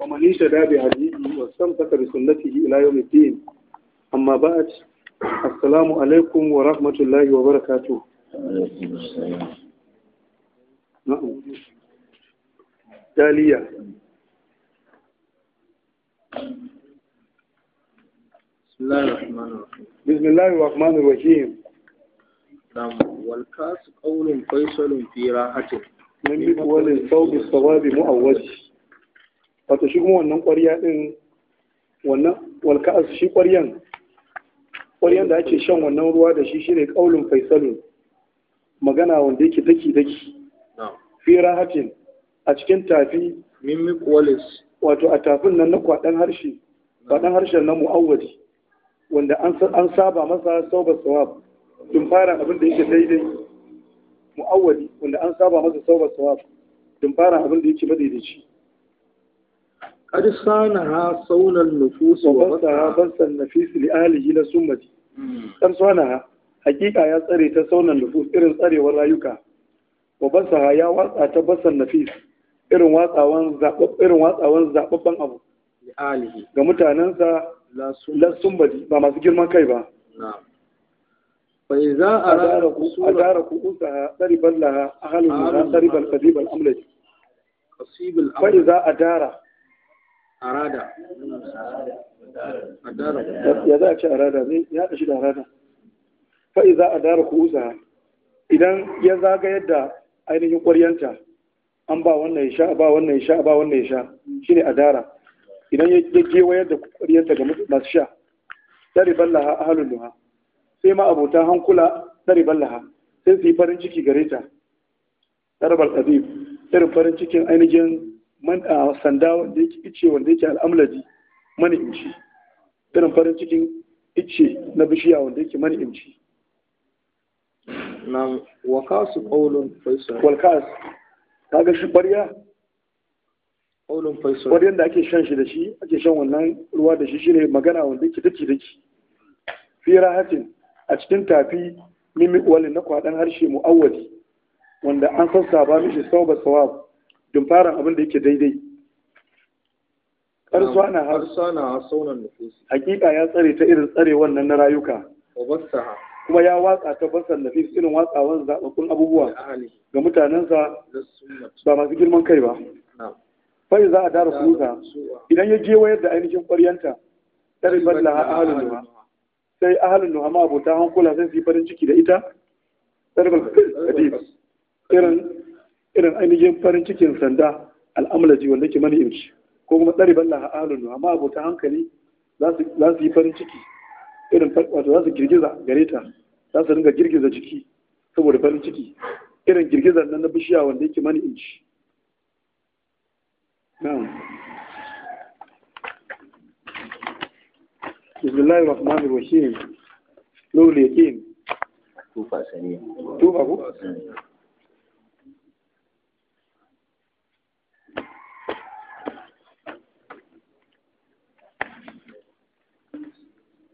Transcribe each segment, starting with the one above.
ومن يشهد بهديه واستمسك بسنته إلى يوم الدين أما بعد السلام عليكم ورحمة الله وبركاته نعم تالية بسم الله الرحمن الرحيم بسم الله الرحمن الرحيم نعم والكاس قول فيصل في راحته من يقول الصواب الصواب مؤوج wato shi kuma wannan ƙwarya ɗin wannan walka'a shi kwariyan kwariyan da ake shan wannan ruwa da shi shine kaulun faisalun magana wanda yake daki daki fi rahatin a cikin tafi mimmi walis wato a tafin nan na kwadan harshe kwadan harshen na mu'awwadi wanda an saba masa sauba sawab tun fara abin da yake daidai mu'awwadi wanda an saba masa sauba sawab tun fara abin da yake madaidaici قد صانها صون النفوس وبثها بث النفيس لآله لسمتي قد صانها حقيقة يا tsare ta saunan nufus irin tsarewar rayuka wa basaha ya watsa ta basan nafis irin watsawan zababban abu ga mutanensa lasumbadi ba masu girman kai ba bai za a rara kusura a rara kusa tsariban laha ahalin nuna tsariban kadibal amlaj bai za a dara arada ya za a ci arada ne ya haɗa da arada fa'i za a dara kusa idan ya zaga yadda ainihin ƙwaryanta an ba wannan ya sha ba wannan ya sha ba wannan ya sha shi ne a dara. idan ya gewayar da ƙwaryanta ga masu sha dari ballaha halin luha sai ma abota hankula dari ballaha sai su yi farin ciki gare ta darbal qadib irin farin cikin ainihin man a sanda wanda yake ice wanda yake al'amladi mani inci, irin farin cikin ice na bishiya wanda yake mani inci. nan wakasu qaulun faisal walkas kaga shi ƙwarya qaulun faisal ƙwaryan da ake shan shi da shi ake shan wannan ruwa da shi shi ne magana wanda yake daki daki fi rahatin a cikin tafi mimi walin na kwaɗan harshe mu'awwali wanda an sassa ba mishi sauba sawab fara abin da yake daidai karsuwa na saunan nufusi hakika ya tsare ta irin tsare wannan na rayuka kuma ya watsa ta basan nafis irin watsawan zaɓaɓɓun abubuwa ga mutanensa ba masu girman kai ba fai za a dara kusa idan ya wayar da ainihin ƙwaryanta tsarin balla a ahalin nuha sai ahalin nuha ma abota hankula sai su yi farin ciki da ita ɗari balla irin irin ainihin farin cikin sanda al'amalaji wanda ke mani yanki ko kuma tsari balla a alunu amma abota hankali za su yi farin ciki irin wato za su girgiza gare ta za su dinga girgiza jiki saboda farin ciki irin girgiza nan na bishiya wanda yake mani imci na'am bismillahir rahmanir rahim lawli yakin tufa saniya tufa ko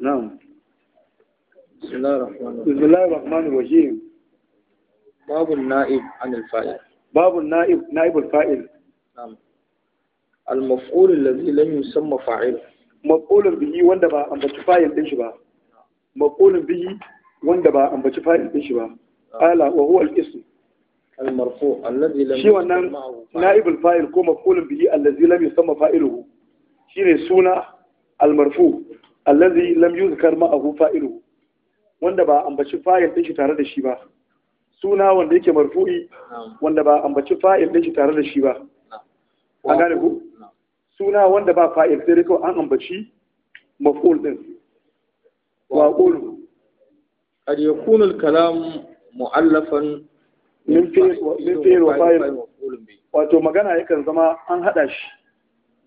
na'am bismillahir rahmanir rahim babun na'ib anil fa'il babun na'ib na'ibul fa'il na'am al-maf'ul alladhi lam yusamma fa'il maf'ulun wanda ba ambaci fa'il din shi ba maf'ulun bihi wanda ba ambaci fa'il din shi ba ala wa huwa al-ism al-marfu alladhi lam shi wannan na'ibul fa'il ko maf'ulun bihi alladhi lam yusamma fa'iluhu shine suna al allazi lam yuzkar ma'ahu fa'ilu wanda ba ambaci fa'il din shi tare da shi ba suna wanda yake marfu'i wanda ba ambaci fa'il din shi tare da shi ba an gane ku suna wanda ba fa'il sai dai kawai an ambaci maf'ul din wa qulu qad yakunu al-kalam mu'allafan min fi'il wa fa'il wato magana yakan zama an hada shi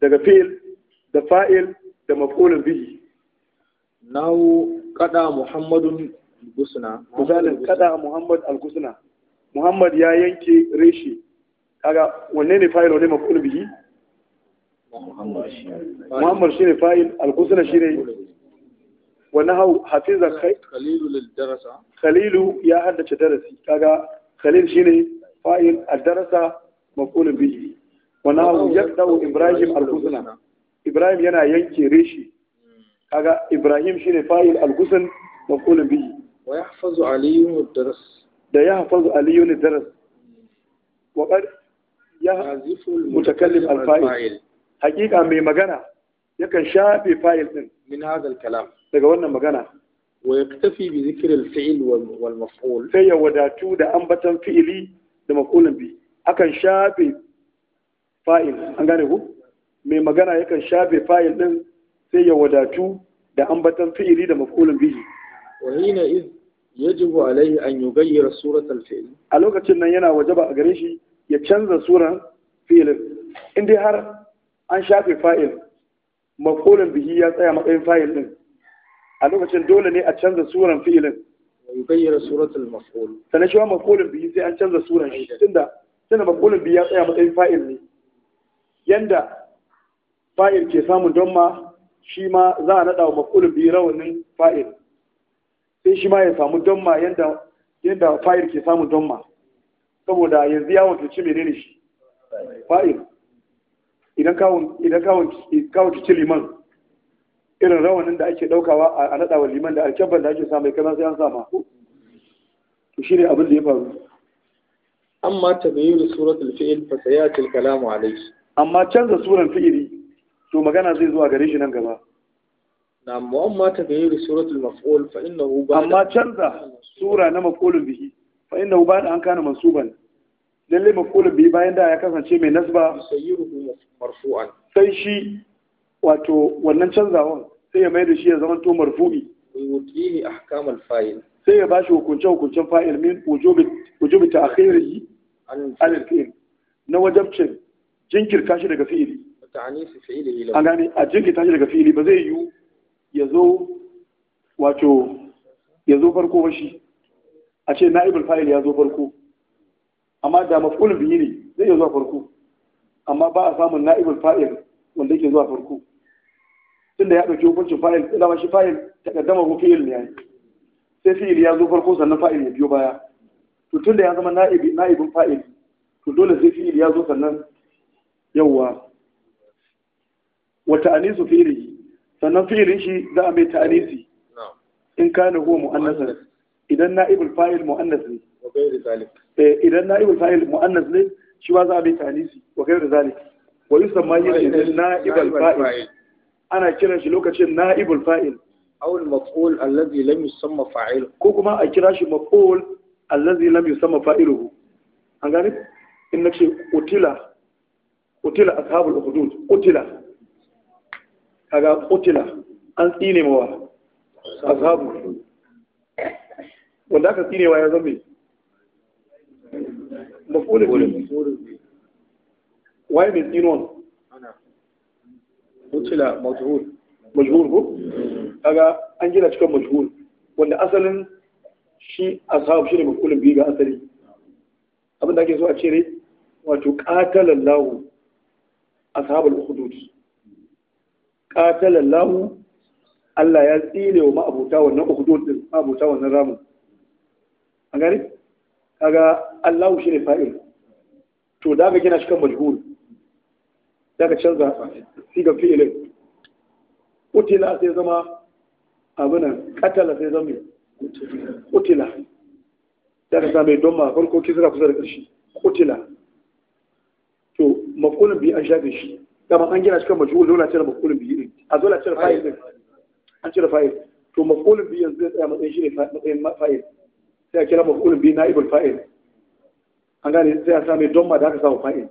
daga fi'il da fa'il da maf'ul bihi nawo kada muhammadun al-husna misalin kada muhammad al-husna muhammad ya yanke reshe kaga wanne ne fa'il wanne maf'ul bihi muhammad shine fa'il al-husna shine wa hau hafiza khalilu lil darasa khalilu ya haddace darasi kaga khalil shine fa'il al-darasa maf'ul bihi wa nahu yaqda'u ibrahim al-husna ibrahim yana yanke reshe kaga ibrahim shine fa'il al ghusl maf'ulun bi wa yahfazu aliyun ad-daras da yahfazu aliyun ad-daras wa qad yahzifu al-mutakallim al-fa'il haqiqa mai magana yakan shafe fa'il din min hadha al-kalam daga wannan magana wa yaktafi bi dhikri al-fi'l wal maf'ul sai ya wadatu da ambatan fi'ili da maf'ulun bi akan shafe fa'il an gane ku mai magana yakan shafe fa'il din sai ya wadatu da ambatan fi'ili da maf'ulun bihi wa hina iz yajibu alaihi an yughayyira surat al-fi'l a lokacin nan yana wajaba a gare shi ya canza suran fi'ilin in dai har an shafe fa'il maf'ulun bihi ya tsaya matsayin fa'il din a lokacin dole ne a canza suran fi'ilin wa yughayyira surat al-maf'ul sanan shi maf'ulun bihi sai an canza suran shi tunda tunda maf'ulun bihi ya tsaya matsayin fa'il ne yanda fa'il ke samun don ma shi ma za a naɗa wa makulun biyu rawanin fa'il sai shi ma ya samu don ma yadda fa'il ke samu ma saboda yanzu ya wakilci menene shi fa'il idan kawun ci liman irin rawanin da ake daukawa a naɗa wa liman da alkyabban da ake samu kaza sai an sama to ne abin da ya faru amma tabayyun suratul fi'il fa sayatil kalamu alayhi amma canza suran fi'ili to magana zai zuwa gare shi nan gaba na mu'amma ta gayyar suratul maf'ul fa innahu ba amma canza sura na maf'ulun bihi fa innahu ba da an kana mansuban lalle maf'ulun bihi bayan da ya kasance mai nasba sayyiruhu marfu'an sai shi wato wannan canzawan sai ya mai da shi ya zama to marfu'i yutihi fa'il sai ya bashi hukunce hukuncen fa'il min wujubi wujubi ta'khirihi an al-fi'l na wajabcin jinkirta shi daga fi'ili ta'anisi an gane a jinkirta shi daga fili ba zai yiwu ya zo wato ya zo farko ba shi a ce na'ibul fa'il ya zo farko amma da maf'ulun bihi ne zai iya zuwa farko amma ba a samun na'ibul fa'il wanda yake zuwa farko tun da ya ɗauki hukuncin fa'il dama shi fa'il ta takaddama ko fi'il ne yayi sai fi'il ya zo farko sannan fa'il ya biyo baya to da ya zama na'ibi fa'il to dole sai fi'il ya zo sannan yawwa wa ta'anisu fi'lihi sannan fi'lin shi za mai ta'anisi in kana huwa mu'annas idan na'ibul fa'il mu'annas ne eh, idan na'ibul fa'il mu'annas ne shi ba za a mai ta'anisi wa ghairu zalik wa yusamma idan na'ibul fa'il ana kiran shi lokacin na'ibul fa'il kuma a kira shi maf'ul alladhi lam an in kaga kutila an tsine mawa ashabu wanda aka tsine wa ya zama mafulin waye mai tsinon kutila majhul majhul ko mm-hmm. kaga an gina cikin majhul wanda asalin shi ashabu shine mafulin biyu ga asali abinda ake so a cire wato qatalallahu ashabul ukhud katalallahu Allah ya tsile wa ma'abuta wannan ukhdud din ma'abuta wannan ramu an gari? kaga Allah shi ne fa'il to da ga gina shi kan majhul da ka canza siga fi'ilin utila sai zama abinan katala sai zama utila da ka same don ma farko kisra kusa da ƙarshe utila to makulun bi an shafe shi da an gina shi kan majhul dole a cire maf'ulun bihi din a zo a cire fayil din an cire fayil, to maf'ulun biyu yanzu zai tsaya matsayin shi ne matsayin fayil, sai a kira maf'ulun bihi na'ibul fayil, an gane sai a sami don ma da aka samu fayil,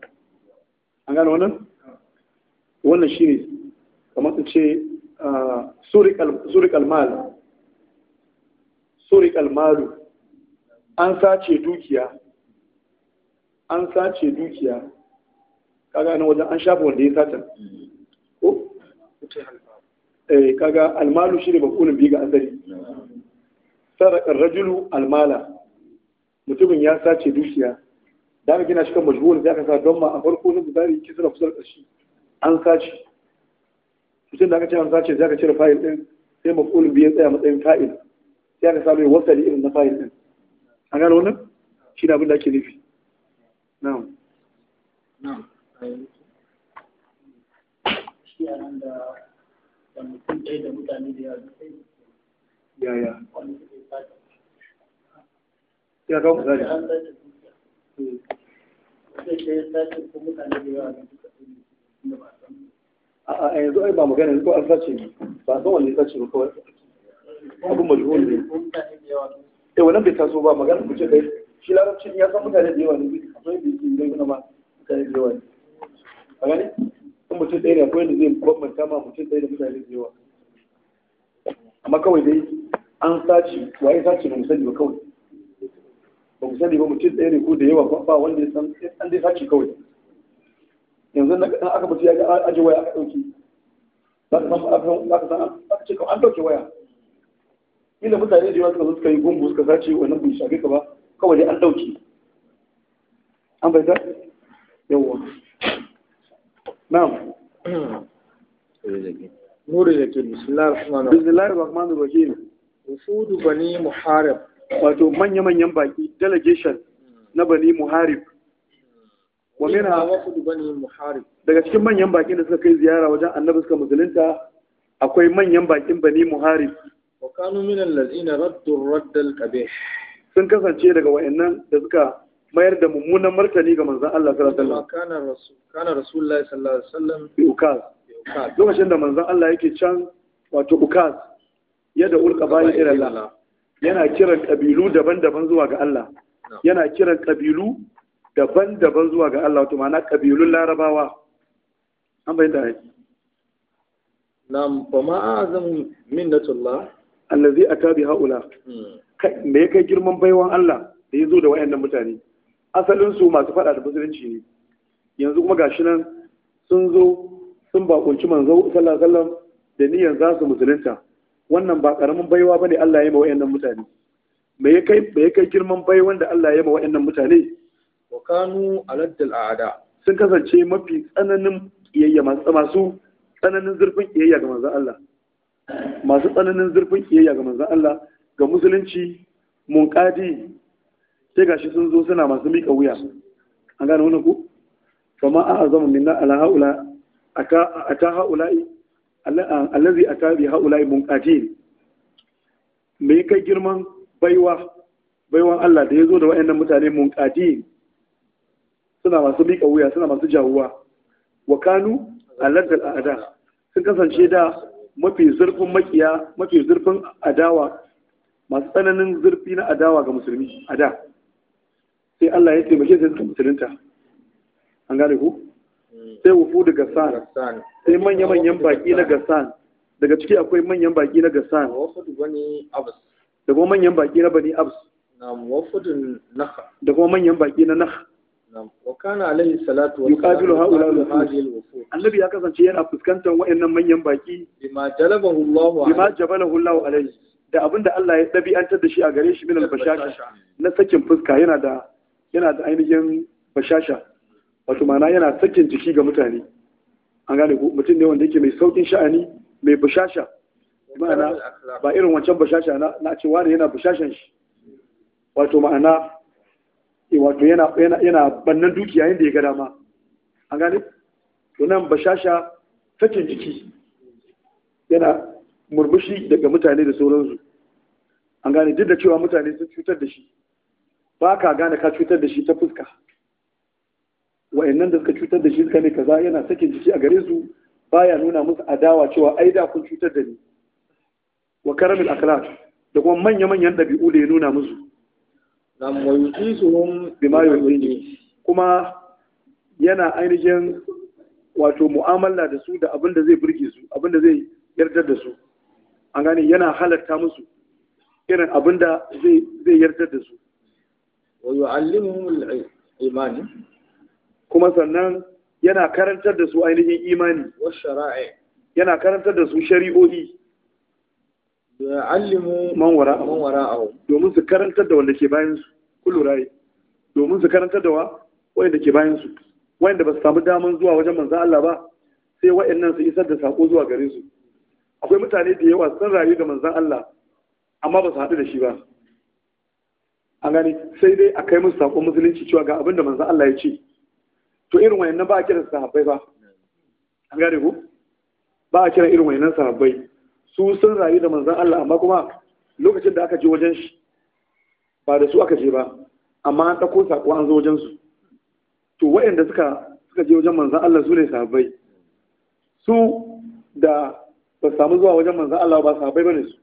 an gane wannan wannan shi ne kamar su ce surikal almal an sace dukiya an sace dukiya kaga nan wajen an shafa wanda ya satan ko eh kaga almalu shine mafulun bi ga asali saraka rajulu almala mutumin ya sace dukiya da ga gina shi kan majhul sai ka sa don ma a farko na ki kisra kusar kashi an sace mutum da aka ce an sace zaka cire fayil din sai mafulun bi ya tsaya matsayin fa'il sai ka samu wasali irin na fayil din an gano wannan shi da abin da ake nufi na'am na'am yaya ya da misali a yanzu ai ba magana ko an sace ba san wani sace ba kawai abin majhul ne eh wannan bai taso ba magana ku ce kai shi ya san mutane da yawa ne akwai da yake nuna ma mutane da yawa ne a gani Kuma mutum ɗaya ne akwai yadda zai bambanta ma mutum ɗaya da mutane da yawa amma kawai dai an sace waye sace ba mu sani ba kawai ba mu sani ba mutum ɗaya ne ko da yawa ba wanda ya san an dai sace kawai yanzu in aka mutu ya ga aje waya aka ɗauki za ka san za ka san aka ce kawai an ɗauke waya inda mutane da yawa suka zo suka yi gungu suka sace wannan bai shafe ka ba kawai dai an ɗauke an bai ta yawwa na'am nuri da ke bismillahir rahmanir rahim usudu bani muharib wato manya-manyan baki delegation na bani muharib wa min wafudu bani muharib daga cikin manyan bakin da suka kai ziyara wajen annabi suka musulunta akwai manyan bakin bani muharib wa kanu min allazina raddu raddal qabih sun kasance daga wayannan da suka mayar da mummunan martani ga manzon Allah sallallahu alaihi wasallam kana rasul kana rasulullahi sallallahu alaihi wasallam bi lokacin da manzon Allah yake can wato ukaz yadda ulka bayan irin Allah yana kiran kabilu daban-daban zuwa ga Allah yana kiran kabilu daban-daban zuwa ga Allah wato ma'ana kabilun larabawa an bayyana da yake nam fa ma azam minnatullah allazi ata bi haula hmm. me kai girman baiwan Allah da yazo da wayannan mutane asalin su masu faɗa da musulunci ne yanzu kuma gashi nan sun zo sun bakunci manzo sallallahu alaihi wasallam da niyyar za su musulunta wannan ba karamin baiwa bane Allah ya yi ma wayannan mutane me ya kai me ya kai girman bai wanda Allah ya yi ma wayannan mutane wa kanu aladdal aada sun kasance mafi tsananin kiyayya masu masu tsananin zurfin kiyayya ga manzon Allah masu tsananin zurfin kiyayya ga manzon Allah ga musulunci munqadi sai shi sun zo suna masu miƙa wuya A gane wani ku fama a azama minna ala haula ata haula'i allazi ta bi haula'i munqatin me kai girman baiwa baiwan Allah da ya zo da wayannan mutane munqatin suna masu miƙa wuya suna masu jawuwa wa kanu a a'da sun kasance da mafi zurfin makiya mafi zurfin adawa masu tsananin zurfi na adawa ga musulmi a da sai Allah ya taimake sai suka musulunta an gane ku sai wufu daga gassan sai manya-manyan baki na gassan daga ciki akwai manyan baki na gassan da kuma manyan baki na bani abs da kuma manyan baki na nah wakana alaihi salatu wa yuqabilu haula al-wufud annabi ya kasance yana fuskantar wayannan manyan baki bima jalabahu Allah bima jabalahu Allah alaihi da abinda Allah ya dabi'antar da shi a gare shi min al-bashasha na sakin fuska yana da yana da ainihin bashasha wato ma'ana yana sakin jiki ga mutane an gane ko mutum ne wanda yake mai saukin sha'ani mai bashasha ma'ana ba irin wancan bashasha na ce wani yana bashashan shi wato ma'ana eh, wato yana yana yana bannan dukiya yanda ya ga dama an gane wannan nan bashasha sakin jiki yana murmushi daga mutane da sauransu an gane duk da cewa mutane sun cutar da shi ba ka gane ka cutar da shi ta fuska wa'annan da suka cutar da shi suka ne kaza yana sakin jiki a gare su baya nuna musu adawa cewa ai da kun cutar da ni wa karamil akhlaq da kuma manya-manyan dabi'u da ya nuna musu nam wa yutisuhum bima yuhibbu kuma yana ainihin wato mu'amala da su da abin da zai burge su abin da zai yardar da su an gane yana halarta musu irin abin da zai yardar da su wa yu'allimuhum al-iman kuma sannan yana karantar da su ainihin imani wa yana karantar da su shari'o'i da yu'allimu man wara man wara'ahu domin su karantar da wanda ke bayan su kullu rai domin su karantar da wa wanda ke bayan su wanda ba su samu daman zuwa wajen manzon Allah ba sai wa'annan su isar da sako zuwa gare su akwai mutane da yawa sun rayu ga manzon Allah amma ba su haɗu da shi ba an gani sai dai a kai musu saƙon musulunci cewa ga abin da manzo Allah ya ce to irin wayannan ba a kira sahabbai ba an gane ku ba a kira irin wayannan sahabbai su sun rayu da manzo Allah amma kuma lokacin da aka je wajen shi ba da su aka je ba amma an ɗauko saƙo an zo wajen su to wayanda suka suka je wajen manzo Allah su ne sahabbai su da ba samu zuwa wajen manzo Allah ba sahabbai bane su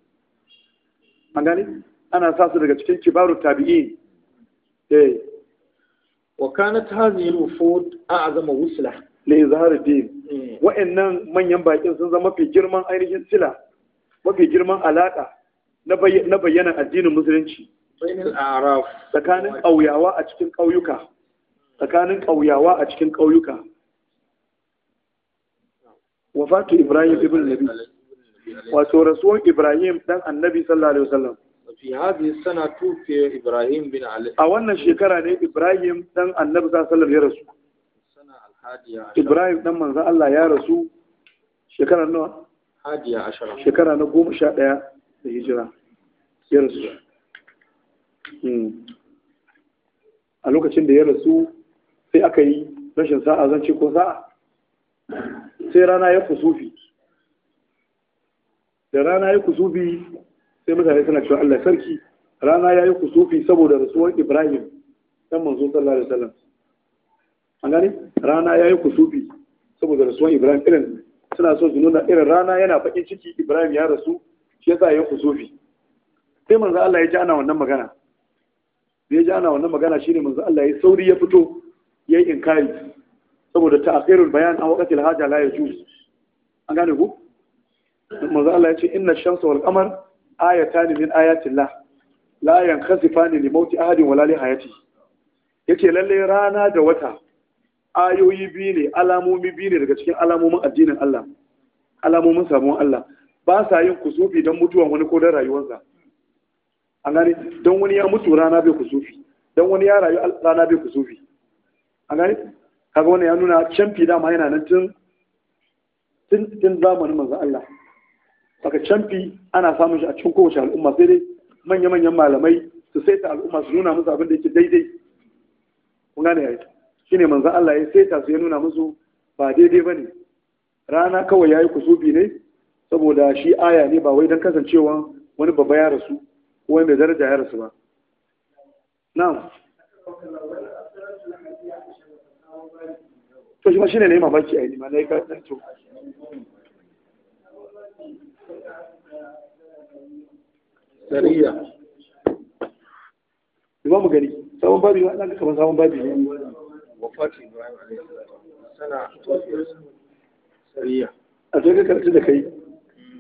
an gane ana sa su daga cikin kibaru tabi'i. eh wa kanat hadhihi al-wufud a'zama wusla li izhar din eh. wa'annan manyan bakin sun zama mafi girman ainihin sila mafi girman alaka na bayyana addinin musulunci tsakanin ƙauyawa a cikin ƙauyuka tsakanin a cikin wafatu ibrahim ibn nabi wato rasuwan ibrahim dan annabi sallallahu alaihi wasallam fi a wannan shekara ne Ibrahim dan Annabi sallallahu ya rasu Ibrahim dan manzo Allah ya rasu shekara na goma sha ɗaya da hijira ya rasu hmm. a lokacin da ya rasu sai aka yi rashin sa'a zan ce sa'a sai rana ya rana ya kusufi sai mutane suna cewa Allah sarki rana ya yi kusufi saboda rasuwar Ibrahim dan manzo sallallahu alaihi wasallam an gane rana ya yi kusufi saboda rasuwar Ibrahim irin suna so su nuna irin rana yana fakin ciki Ibrahim ya rasu shi yasa ya yi kusufi sai manzo Allah ya ji ana wannan magana da ya ji ana wannan magana shine manzo Allah ya sauri ya fito ya yi inkari saboda ta'khirul bayan a waqtil haja la yajuz an gane ku manzo Allah ya ce inna shamsa wal qamar ayatan min ayatillah la yankhasifani li mauti ahadin wala li hayati yace lalle rana da wata ayoyi biyu ne alamomi biyu ne daga cikin alamomin addinin Allah alamomin sabon Allah ba sa yin kusufi don mutuwan wani ko da rayuwarsa an gane don wani ya mutu rana bai kusufi don wani ya rayu rana bai kusufi an gane kaga wannan ya nuna canfi dama yana nan tun tun zamanin manzon Allah Daga canfi ana samun shi a cikin kowace al'umma sai dai manya-manyan malamai su saita al'umma su nuna musu abin da yake daidai. Kun gane yayi. Shi ne manzan Allah ya saita su ya nuna musu ba daidai ba ne. Rana kawai ya yi kusubi ne saboda shi aya ne ba wai don kasancewa wani babba ya rasu ko wani mai daraja ya rasu ba. Na'am. To shi ma shine ne mamaki a yi ma na yi karatu. sariya mu gari sabon babi ba ɗan kama sabon babi ne wafati ibrahim alaihi sana sariya a zai ka karatu da kai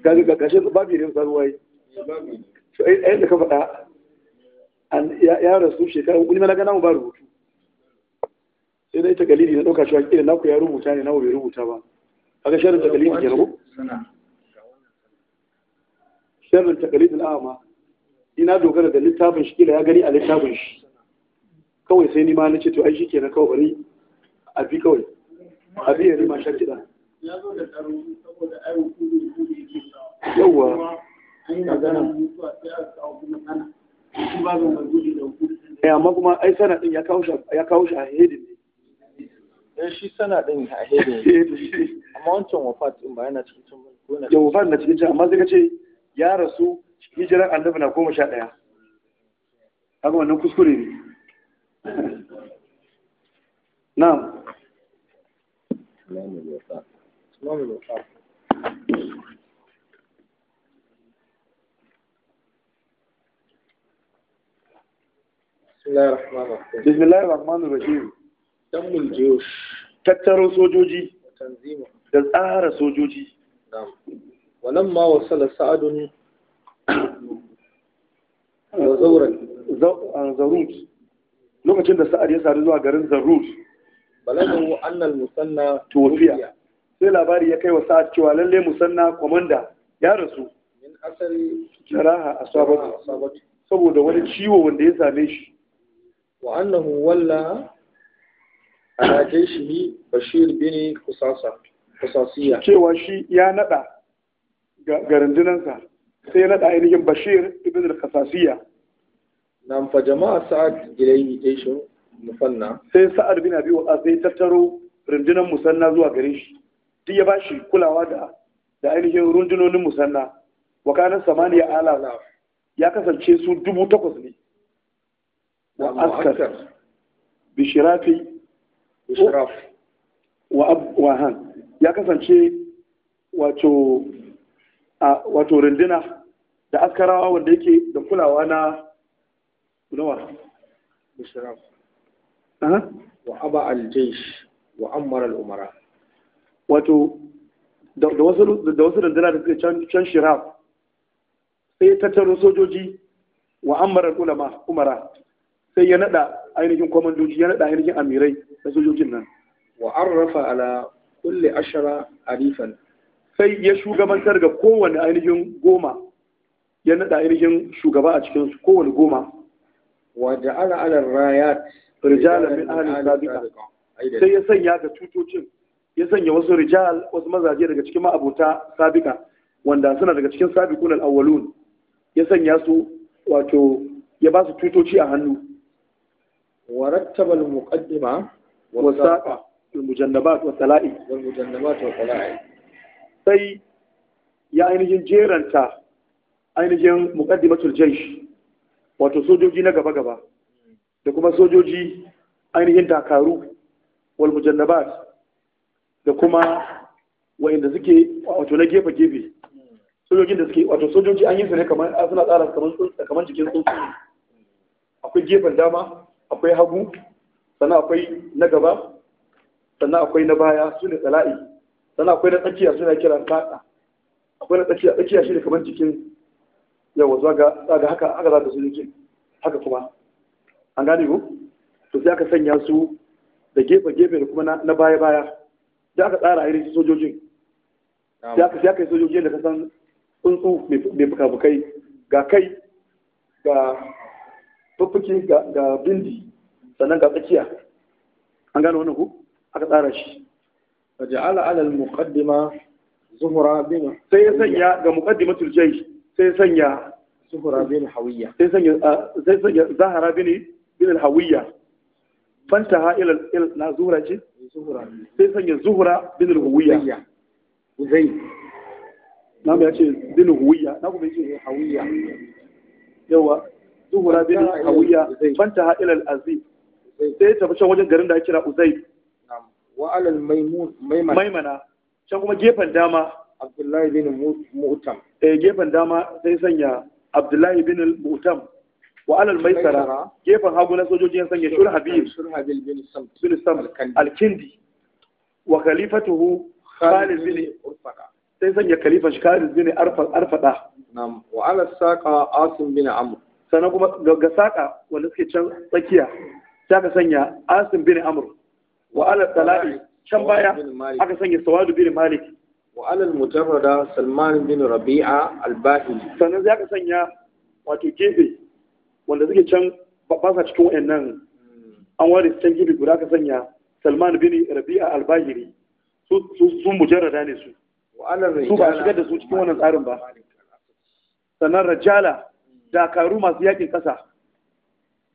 gaga ga kashe babi ne musamman waye eh, to ai da ka faɗa ya rasu shekara wani mana gana mu ba rubutu sai dai ta galili na ɗauka shi irin naku ya rubuta ne namu bai rubuta ba kaga sharin ta galili ke rubu sirrin taqalidul a'ma ina dogara da littafin shi kila ya gani a littafin shi kawai sai ni ma nace to ai shikenan kawai bari a bi kawai a bi yari ma shakki kida ya zo da tsaro saboda ai hukumi hukumi yake yawa an yi magana mutuwa sai aka kawo kuma sana shi ba zo mai gudu da hukumi eh amma kuma ai sana din ya kawo shi ya kawo shi a hedin ne dan eh, shi sana din a hedin amma wancan wafat din ba yana cikin tun ba yana cikin wafat na cikin amma sai ka ce ya rasu hijiran annabi na goma sha ɗaya haka wannan kuskure ne na'am بسم الله الرحمن الرحيم تم الجيوش tattaro sojoji da tsara sojoji ولما وصل سعد وزورا زروج lokacin da sa'ad ya sadu zuwa garin zarrus balaghu annal musanna tuwfiya sai labari ya kai wa sa'ad cewa lalle musanna komanda ya rasu min asari jaraha asabatu saboda wani ciwo wanda ya same shi wa annahu walla ala jayshihi bashir bin qusasa qusasiya cewa shi ya nada ga rundunansa sai na naɗa ainihin bashir ibn al-kasasiya nan fa jama'a sa'ad ilayhi aishu musanna sai sa'ad bin abi wa'a sai tattaro rundunan musanna zuwa gare shi duk ya bashi kulawa da da ainihin rundunonin musanna wa kana samaniya ala ya kasance su dubu takwas ne wa askar bishirafi bishraf wa abwahan ya kasance wato a wato rundina da askarawa wanda yake da kulawa na nawa bishraf wa aba al wa amara al'umara wato da wasu rundina da suke can can sai sai tattaro sojoji wa amara al'umara sai ya nada ainihin kwamandoji ya nada ainihin amirai da sojojin nan wa arrafa ala kulle ashara arifan sai ya shugabantar ga kowane ainihin goma ya naɗa ainihin shugaba a cikin kowane goma wa ja'ala ala rayat rijalan min ahli sabiqa sai ya sanya ga tutocin ya sanya wasu rijal wasu mazaje daga cikin ma'abota sabika wanda suna daga cikin sabiqun al-awwalun ya sanya su wato ya ba su tutoci a hannu wa rattaba al-muqaddima wa saqa al-mujannabat wa sala'i wal mujannabat wa sala'i sai ya ainihin jeranta ainihin muqaddimatul jaysh wato sojoji na gaba gaba da kuma sojoji ainihin dakaru wal mujannabat da kuma wa'inda suke wato na gefe gefe sojojin da suke wato sojoji an yi su ne kamar suna tsara kamar jikin tsuntsu akwai gefen dama akwai hagu sannan akwai na gaba sannan akwai na baya su ne tsala'i dan akwai na tsakiya suna kiran kasa akwai na tsakiya tsakiya shi ne kamar jikin yawa zuwa ga haka haka za ta su jikin haka kuma an gane ku to sai aka sanya su da gefe gefe da kuma na baya baya da aka tsara irin sojojin sai aka sai aka yi sojojin da ka san tsuntsu mai fuka-fukai ga kai ga tuffuki ga bindi sannan ga tsakiya an gane wannan ku aka tsara shi فجعل على المقدمة زهرة بن حوية سيسنيا مقدمة الجيش سيسنيا زهرة بن حوية سيسنيا سيسنيا زهرة بن بن الحوية فانتهى إلى إلى زهرة زهرة سيسنيا زهرة بن الحوية وزين نعم يا شيخ بن الحوية نعم يا شيخ حوية يوا زهرة بن الحوية فانتهى إلى الأزيد sai ya tafi can wajen garin da ya kira Uzai wa maimuna maimana can kuma gefen dama abdullahi bin mu'tam eh gefen dama sai sanya abdullahi bin mu'tam wa alal maisara gefen hagu na sojoji ya sanya shurhabil shurhabil bin samt bin samt al-kindi wa khalifatuhu khalid bin urfaqa sai sanya khalifa shi khalid bin arfada nam wa saƙa saqa asim bin amr sannan kuma ga saƙa wanda suke can tsakiya ta ka sanya asim bin amr wa ala sala'i baya aka sanya sawadu bin malik wa ala mujarrada salman bin rabi'a al-bahili sannan sai aka sanya wato gefe wanda suke can ba cikin wayannan hmm. an ware su can guda sanya salman bin su mujarrada ne su su ba shigar da su cikin wannan tsarin ba sannan rajala dakaru masu yakin kasa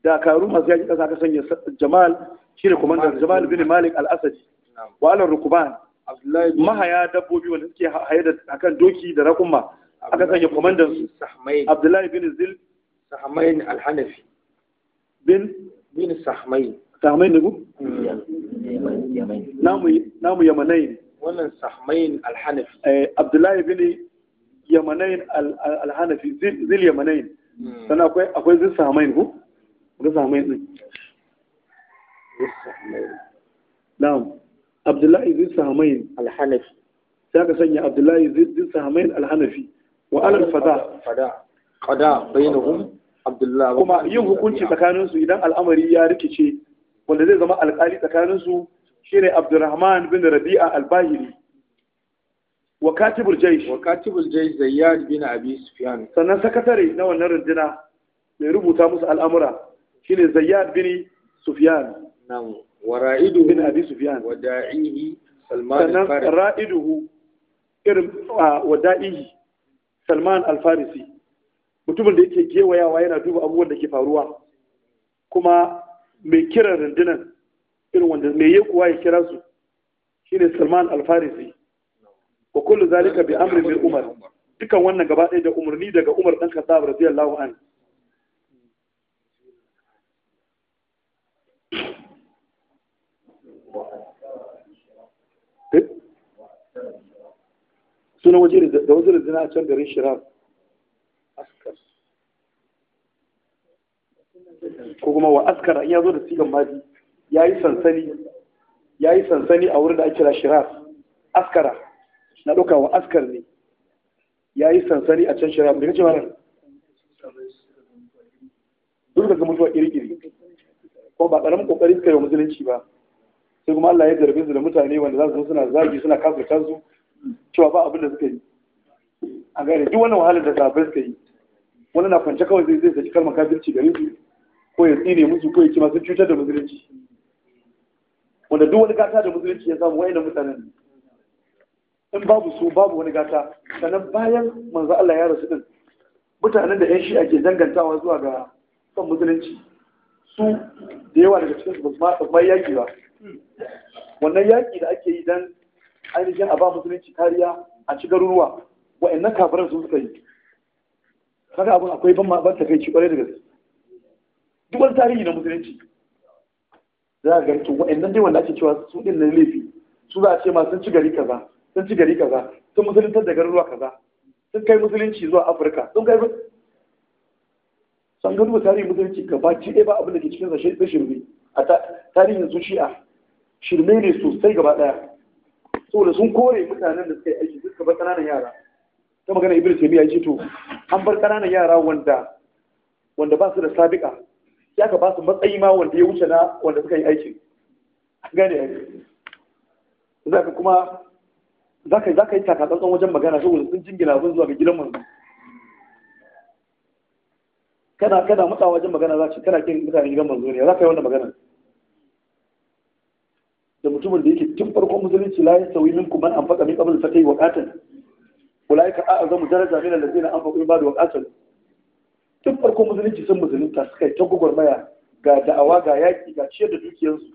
dakaru masu yaƙi ƙasa ka sanya jamal shine kumandar jamal bin malik al-asadi wa alar rukuban mahaya dabbobi wanda suke haye da akan doki da raƙumma aka sanya komandar su abdullahi bin zil sahmain al-hanafi bin bin sahmain sahmain ne ku hmm. namu yamanain wannan sahmain al-hanafi eh, abdullahi bin yamanain al-hanafi zil yamanain hmm. sannan akwai zil sahmain ku gaza mai din na'am abdullahi zai sahamain alhanafi sai ka sanya abdullahi zai sahamain alhanafi wa alal fada fada qada bainahum abdullahi kuma yin hukunci tsakaninsu idan al'amari ya rikice wanda zai zama alƙali tsakaninsu shi ne abdurrahman bin rabi'a al-bahili wa katibul jaysh wa katibul jaysh zayyad bin abi sufyan sannan sakatare na wannan runduna mai rubuta musu al'amura shine zayyad bin sufyan na'am wa ra'idu bin abi sufyan wa da'ihi salman al-farisi ra'iduhu irin wa da'ihi salman al-farisi mutumin da yake gewayawa yana duba abubuwan da ke faruwa kuma mai kiran rundunan irin wanda mai yi kuwa ya kira su shine salman al-farisi wa kullu zalika bi amri min umar dukan wannan gaba ɗaya da umarni daga umar dan khattab radiyallahu anhu suna waje da wajen da zina a can garin shirar askar ko kuma wa askar in ya zo da sigan mafi ya yi sansani ya yi sansani a wurin da ake kira shirar askara na ɗauka wa askar ne ya yi sansani a can shirar daga jimarar duk ga mutuwa iri-iri ko ba ƙaramin ƙoƙari suka yi wa musulunci ba sai kuma Allah ya zarbe su da mutane wanda za su suna zagi suna kafin su cewa ba abin da suka yi a gane duk wannan wahalar da sahabbai suka yi wani na kwance kawai zai zai saki kalmar kafirci gare su ko ya tsine musu ko ya ce masu cutar da musulunci wanda duk wani gata da musulunci ya samu wayannan mutanen in babu su babu wani gata sannan bayan manzo Allah ya rasu din mutanen da yan shi ke dangantawa zuwa ga son musulunci su da yawa daga cikin su ba su ma yaki ba wannan yaki da ake yi dan ainihin a ba musulunci kariya a ci garuruwa wa'annan kafirar sun suka yi kaga abin akwai ban ban takaici kwarai da gaske duk wani tarihi na musulunci za ga to wa'annan dai wanda ake cewa su din na laifi su za a ce ma sun ci gari kaza sun ci gari kaza sun musuluntar da garuruwa kaza sun kai musulunci zuwa afirka sun kai san gano tarihi musulunci gabaki ɗaya ba abin da ke cikin rashin shirme a tarihin su shi'a shirme ne sosai gaba ɗaya saboda sun kore mutanen da suka yi aiki suka bar ƙananan yara ta magana ibir ce ya ce to an bar ƙananan yara wanda wanda ba su da sabiƙa ya ka ba su matsayi ma wanda ya wuce na wanda suka yi aikin gane za ka kuma za ka yi takatsantsan wajen magana saboda sun jingina abin zuwa ga gidan manzo kana kana mutsawa wajen magana za ka kana kin mutane gidan manzo ne za ka yi wannan magana da mutumin da yake tun farkon musulunci la ya min kuma an faɗa min qabl fatay wa qatal ulaika a'zamu daraja min allazina anfaqu min ba da qatal tun farkon musulunci sun musulunta suka yi ta maya ga da'awa ga yaƙi ga ciyar da dukiyarsu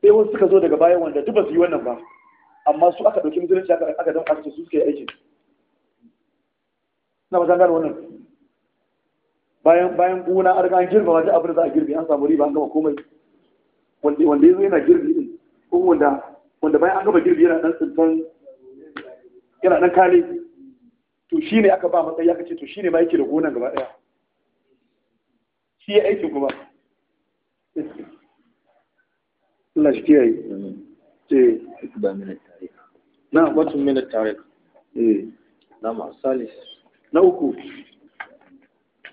sai wasu suka zo daga baya wanda duk ba su yi wannan ba amma su aka ɗauki musulunci aka aka dan aka su suka yi aikin na ba zangar wannan bayan bayan gona an riga an girbe wajen abin da za a girbe an samu riba an gama komai wanda wanda yazo yana girbi ko wanda wanda bayan an gaba girbi yana dan tsintan yana dan kale to shi ne aka ba matsayi aka ce to shi ne ma yake da gonan gaba daya shi ya aiki kuma Allah shi kiyaye eh ba mina tarikh na wato mina tarikh eh na ma salis na uku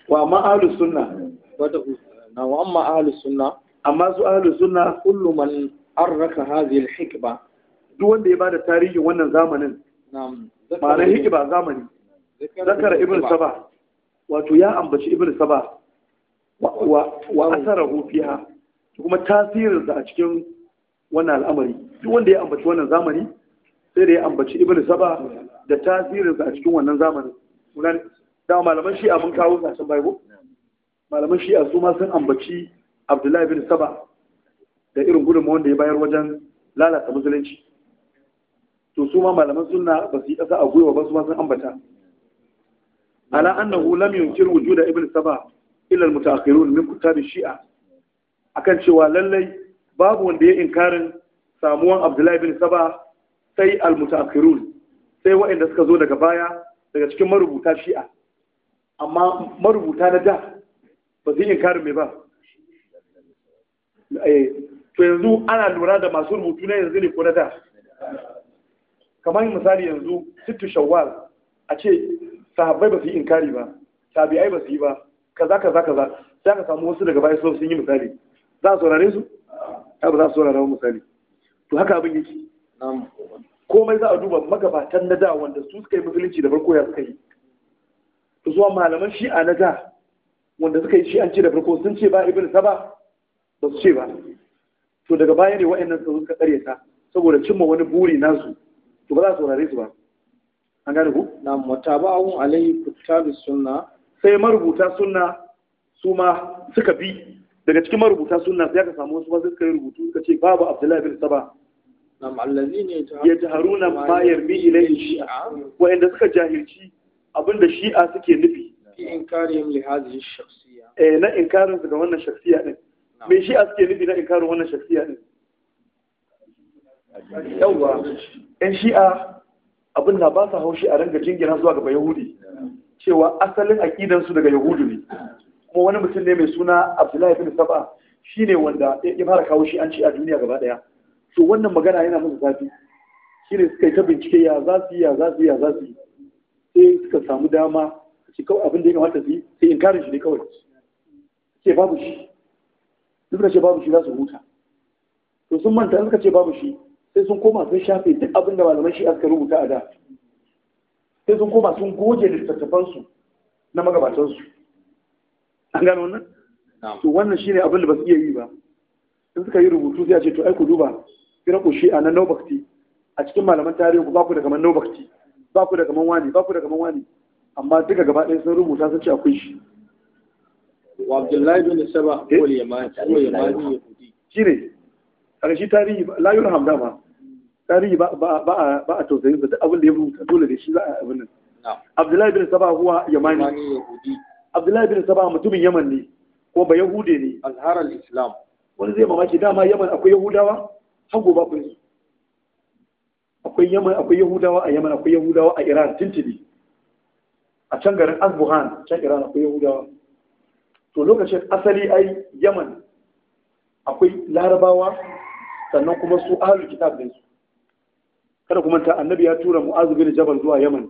wa ma ahlus sunna wata na wa amma ahlus sunna amma su ahlus sunna kullu man hazi hadhihi al-hikba duk wanda ya bada tarihin wannan zamanin ma'ana hikba zamani zakar ibn saba wato ya ambaci ibn saba wa asarahu fiha kuma tasirin sa a cikin wannan al'amari duk wanda ya ambaci wannan zamani sai da ya ambaci ibn saba da tasirin sa a cikin wannan zamanin kunan da malaman shi abin kawo sa sun malaman shi a su ma sun ambaci abdullahi bin saba da irin gudunmawar da ya bayar wajen lalata musulunci to su ma malaman suna ba su yi ƙasa a gwiwa ba su ma sun ambata ala annahu lam yunkir wujuda ibn saba illa al mutaakhirun min kutab shi'a akan cewa lallai babu wanda ya inkarin samuwan abdullahi ibn saba sai al mutaakhirun sai waɗanda suka zo daga baya daga cikin marubuta shi'a amma marubuta na da ba su yi inkarin mai ba eh, to yanzu ana lura da masu rubutu na yanzu ne ko na da kamar misali yanzu sittu shawwal a ce sahabbai ba su yi inkari ba tabi'ai ba su yi ba kaza kaza kaza za ka samu wasu daga baya sun yi misali za a saurare su ai ba za su saurare wa misali to haka abin yake komai za a duba magabatan na da wanda su suka yi musulunci da farko ya suka yi to zuwa malaman shi'a na da wanda suka yi shi'anci da farko sun ce ba ibn saba ba su ce ba to daga baya ne wa'annan su suka tsare ta saboda cimma wani buri nasu to ba za su saurare su ba an gane ku na mutaba'un alayhi kuttabi sunna sai marubuta sunna su ma suka bi daga cikin marubuta sunna sai aka samu wasu ba suka yi rubutu suka ce babu abdullahi bin saba nam allazina yataharuna ma yarmi ilayhi shi'a wa'anda suka jahilci abinda shi'a suke nufi in karihim li hadhihi shakhsiyya eh na inkarin su ga wannan shafsiya din Mai shi a suke nufi na inkarin wannan shafiya ne yauwa yan shi'a abin na ba su haushi a ranga jingina zuwa gaba yahudi cewa asalin aƙidansu daga yahudu ne kuma wani mutum ne mai suna abdullahi bin saba shi ne wanda ya fara kawo shi an ci a duniya gaba ɗaya to wannan magana yana musu zafi shi ne suka yi ta bincike ya za su ya za su ya za su yi sai suka samu dama shi kawai abin ya kamata su yi sai in karin shi ne kawai ce babu shi da ce babu shi za su huta to sun manta suka ce babu shi sai sun koma sun shafe duk abin da malaman shi aka rubuta a da sai sun koma sun goge littattafansu na magabatansu an gano wannan to wannan shine abin da ba su iya yi ba in suka yi rubutu sai a ce to ai ku duba kira ku shi a na nobakti a cikin malaman tarihi ku ba ku da kaman nobakti ba ku da kaman wani ba ku da kaman wani amma duka gaba ɗaya sun rubuta sun ce akwai shi wa Abdullahi bin Saba ko eh? Yamani wal Yamani Yahudi shine kaga shi tarihi la yurham dama tarihi ba ba ba a tausayin da abin da ya rubuta dole da shi za a abin nan Abdullahi bin Saba huwa Yamani Yahudi Abdullahi bin Saba mutumin Yaman ne ko ba Yahude ne azhar al-Islam wani zai mamaki dama Yaman akwai Yahudawa har gobe akwai akwai Yaman akwai Yahudawa a Yaman akwai Yahudawa a Iran tintini a can garin Asbuhan can Iran akwai Yahudawa to lokacin asali ai yaman akwai larabawa sannan kuma su ahalu kitab din su kada kuma ta annabi ya tura mu'azu bin jabal zuwa yaman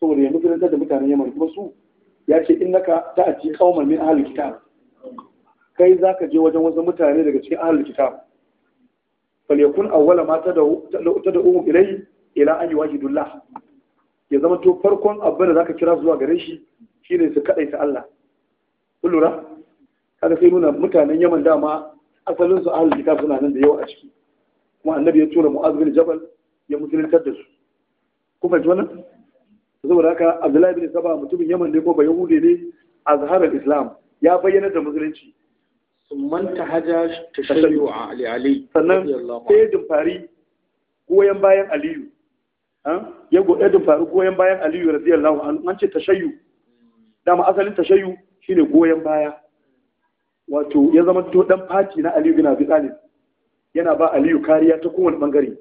saboda ya mutunta da mutanen yaman kuma su ya ce innaka ta'ati qauman min ahlul kitab kai zaka je wajen wasu mutane daga cikin ahlul kitab yakun awwala ma tad'u ilayhi ila an yuwahidullah ya zama to farkon abin da zaka kira zuwa gare shi shine su kadaita Allah kullura lura kaga sai nuna mutanen yaman dama asalin su ahlul kitab suna nan da yawa a ciki kuma annabi ya tura mu'az bin jabal ya musuluntar da su kun fahimci wannan saboda haka abdullahi bin saba mutumin yaman ne ko ba yahudi ne azharar islam ya bayyana da musulunci ta ta shayu a ali ali sannan sai dumfari goyen bayan aliyu ya goye dumfari goyen bayan aliyu radiyallahu anhu an ce tashayyu dama asalin tashayyu shine goyon baya wato ya zama to dan fati na Aliyu bin Abi Talib yana ba Aliyu kariya ta kowane bangare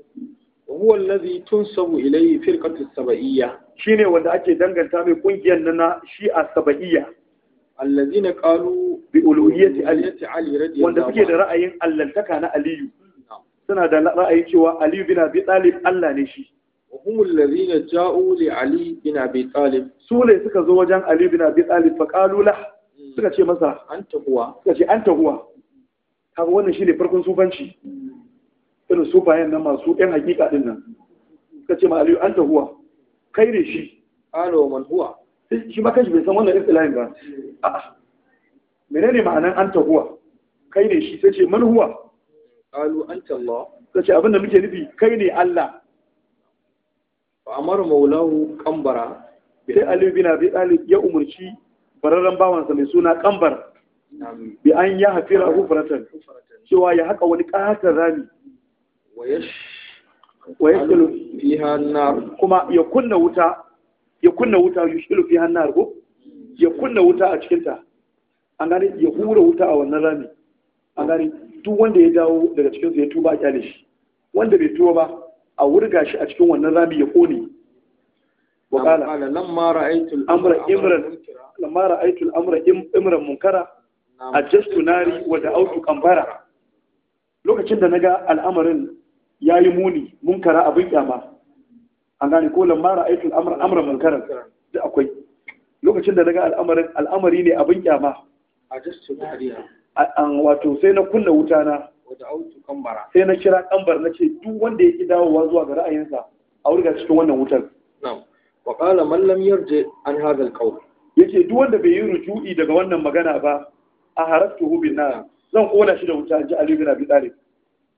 huwa allazi tunsabu ilayhi firqatu sab'iyya shine wanda ake danganta mai kungiyar nan na shi'a sab'iyya allazina qalu bi uluhiyyati ali radiyallahu wanda suke da ra'ayin allantaka na Aliyu suna da ra'ayi cewa Aliyu bin Abi Talib Allah ne shi وهم الذين جاءوا لعلي بن ابي طالب سوله suka zo wajen Ali bin Abi Talib fa qalu lahu suka ce masa an tahuwa suka ce an tahuwa kaga wannan shine farkon sufanci irin sufayen nan masu yan hakika din nan suka ce ma aliyu an tahuwa kai ne shi alo man huwa shi ma kanshi bai san wannan istilahin ba a'a menene ma'anan an tahuwa kai ne shi sai ce man huwa alu an tahuwa. sai ce abinda muke nufi kai ne allah fa maulahu Kambara. sai aliyu bin abi talib ya umurci fararren bawansa mai suna kambar bi an ya hafira hufaratan cewa ya haka wani ƙatar rami wa kuma ya kunna wuta ya kunna wuta yashkilu fiha ko ya kunna wuta a cikinta, an gani ya hura wuta a wannan rami an gani duk wanda ya dawo daga cikinsu ya tuba a kyale shi wanda bai tuba ba a wurga shi a cikin wannan rami ya kone وقال لما رأيت الأمر إمرا لما رأيت الأمر إمرا منكرا أجست ناري ودعوت lokacin da naga al'amarin ya yi muni munkara abin kyama an gane ko lamma ra'aytul amra amra munkaran da akwai lokacin da naga al'amari ne a jastu an wato sai na kunna wuta na sai na kira kambar na ce duk wanda ya ki dawowa zuwa ga ra'ayinsa a wurga cikin wannan wutar Waƙala mallam man an hadha al yace duk wanda bai yi ruju'i daga wannan magana ba a haraftuhu bin na. zan kona shi da wuta ji Ali bin Abi Talib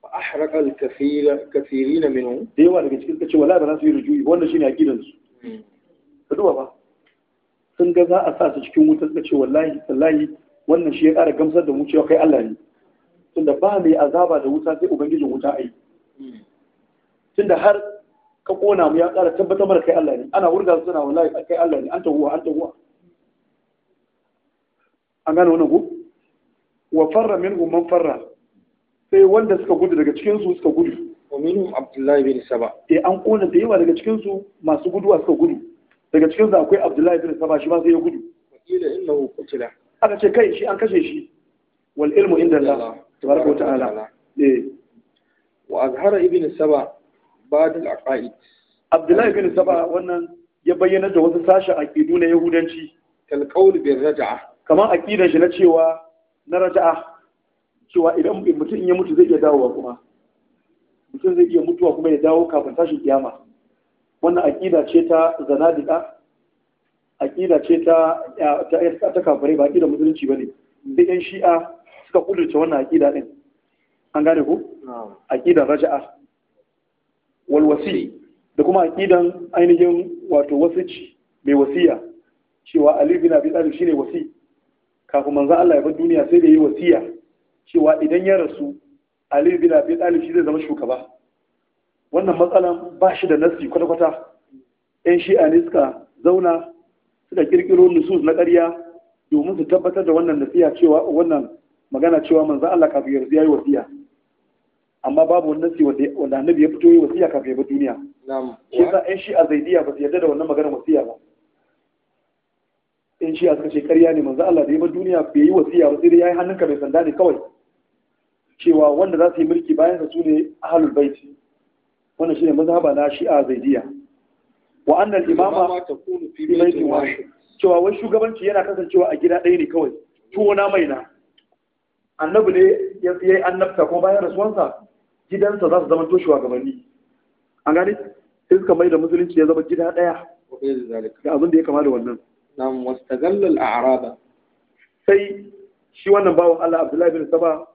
fa ahraqa al-kathira kathirin minhu da yawa daga cikin kace wala ba za su yi ruju'i wannan shine aqidan su ka duba ba sun ga za a sa su cikin wutar da ce wallahi tallahi wannan shi ya ƙara gamsar da mu cewa kai Allah ne tunda ba mai azaba da wuta sai ubangijin wuta ai tunda har ka kona mu ya ƙara tabbatar mana kai Allah ne ana wurga su suna wallahi kai Allah ne an tahuwa an tahuwa an gane wannan ku wa farra min umar farra sai wanda suka gudu daga cikin su suka gudu wa minhum abdullahi bin saba eh an kona da yawa daga cikin su masu guduwa suka gudu daga cikin su akwai abdullahi bin saba shi ma sai ya gudu innahu qutila aka ce kai shi an kashe shi wal ilmu inda Allah tabaraka wa ta'ala eh wa azhara ibn saba badul aqaid abdullahi bin saba wannan ya bayyana da wasu sashen aqidu na yahudanci kal qawl bil raja'a kamar aqidan shi na cewa na raja'a cewa idan mutum ya mutu zai iya dawowa kuma mutum zai iya mutuwa kuma ya dawo kafin tashin kiyama wannan aqida ce ta zanadika aqida ce ta ta ta kafare ba aqida musulunci bane duk yan shi'a suka kudurce wannan aqida din an gane ku aqida raja'a walwasi da kuma aƙidan ainihin wato wasici mai wasiya cewa Ali bin Abi shi ne wasi kafin manzon Allah ya bar duniya sai da yi wasiya cewa idan ya rasu Ali bin Abi shi zai zama shugaba wannan matsalan ba shi da nasi kwata-kwata yan shi'a ne suka zauna suka kirkiro nusus na ƙarya domin su tabbatar da wannan nasiya cewa wannan magana cewa manza Allah kafin ya yi wasiya amma babu wani nasi wanda annabi ya fito yi wasiya kafin ya bi duniya shi yasa ɗan shi a zaidiya ba su yarda da wannan maganar wasiya ba in shi a suka ce ƙarya ne manzo Allah da ya bar duniya bai yi wasiya ba sai dai yayi hannunka mai sanda ne kawai cewa wanda za su yi mulki bayan sa sune ahlul bait wannan shine mazhaba na a zaidiya wa annal imama takunu fi wa wahid cewa wai shugabanci yana kasancewa a gida ɗaya ne kawai tuwo na mai na annabi ne ya yi annabta ko bayan rasuwansa gidansa za su zama to shugabanni an gane sai suka mai da musulunci ya zama gida daya ga abin da ya kama da wannan nam wastagallal a'raba sai shi wannan bawan Allah Abdullahi bin Saba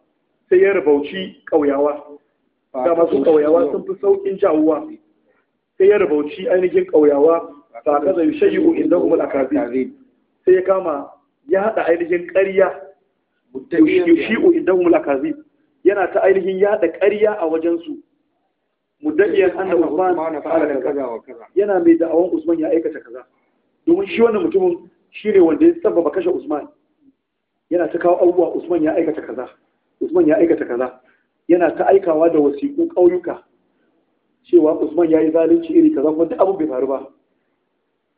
sai ya rabauci kauyawa ga masu kauyawa sun fi saukin jawuwa sai ya rabauci ainihin kauyawa ba ka zai shayu inda kuma akazi sai ya kama ya hada ainihin ƙarya yushi'u inda kuma akazi yana ta ainihin yada ƙarya a wajensu mudda'iyan anna Usman da kaza wa kaza yana mai da'awan Usman ya aikata kaza domin shi wannan mutumin ne wanda ya sabba kashe Usman yana ta kawo abubuwa Usman ya aikata kaza Usman ya aikata kaza yana ta aikawa da wasiƙu ƙauyuka cewa Usman ya yi zalunci iri kaza kuma duk abin bai faru ba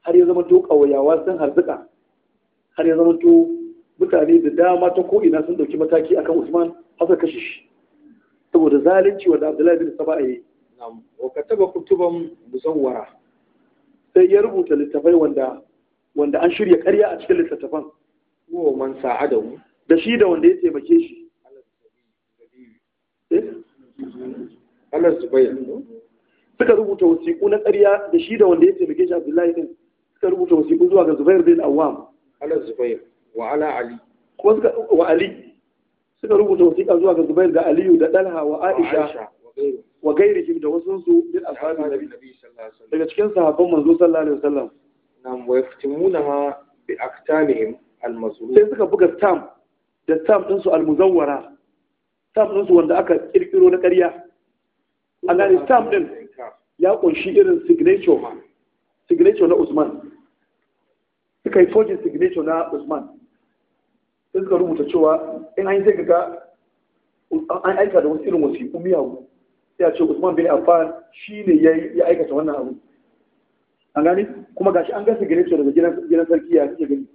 har ya zama to ƙauyawa sun harzuka har ya zama to mutane da dama ta ko'ina sun ɗauki mataki akan usman hasa kashe shi saboda zalunci wanda abdullahi bin saba yi ka kataba kutuban musawwara sai ya rubuta littafai wanda wanda an shirya karya a cikin littattafan wa man mu da shi da wanda ya taimake shi Allah Zubair eh? suka rubuta wasiƙu na ƙarya da shi da wanda ya taimake shi Abdullahi din suka rubuta wasiƙu zuwa ga Zubairu bin Awwam Allah Zubair wa ala ali wa ali suka rubuta wasiƙa zuwa ga Zubair da Aliyu da Dalha wa Aisha wa jim da wasu su min ashabin nabi daga cikin sahabban manzo sallallahu alaihi wasallam nam wa yaftimunaha bi aktanihim al-masrur sai suka buga stamp da stamp din su al-muzawwara stamp din su wanda aka kirkiro na ƙarya Allah ne stamp din ya kunshi irin signature ma signature na Usman suka yi forging signature na Usman sai suka rubuta cewa in an yi sai ga an aika da wasu irin wasiƙu miyagu sai a ce Usman bin Affan shi ne ya aikata wannan abu an gani kuma gashi an gasa gare daga gidan sarki ya kike gani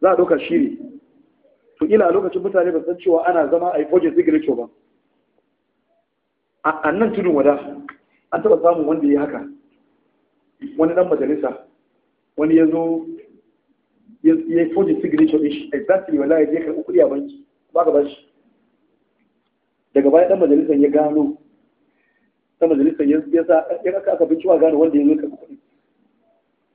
za a ɗauka shi ne to ila a lokacin mutane ba san cewa ana zama a yi fojin signature ba a nan tudun wada an taɓa samun wanda ya haka wani ɗan majalisa wani ya zo ya yi fojin signature din shi exactly wallahi ya karɓi kuɗi a banki ba ka bashi daga baya ɗan majalisar ya gano ɗan majalisar ya sa ya aka aka bincika gano wanda ya zai karɓi kuɗi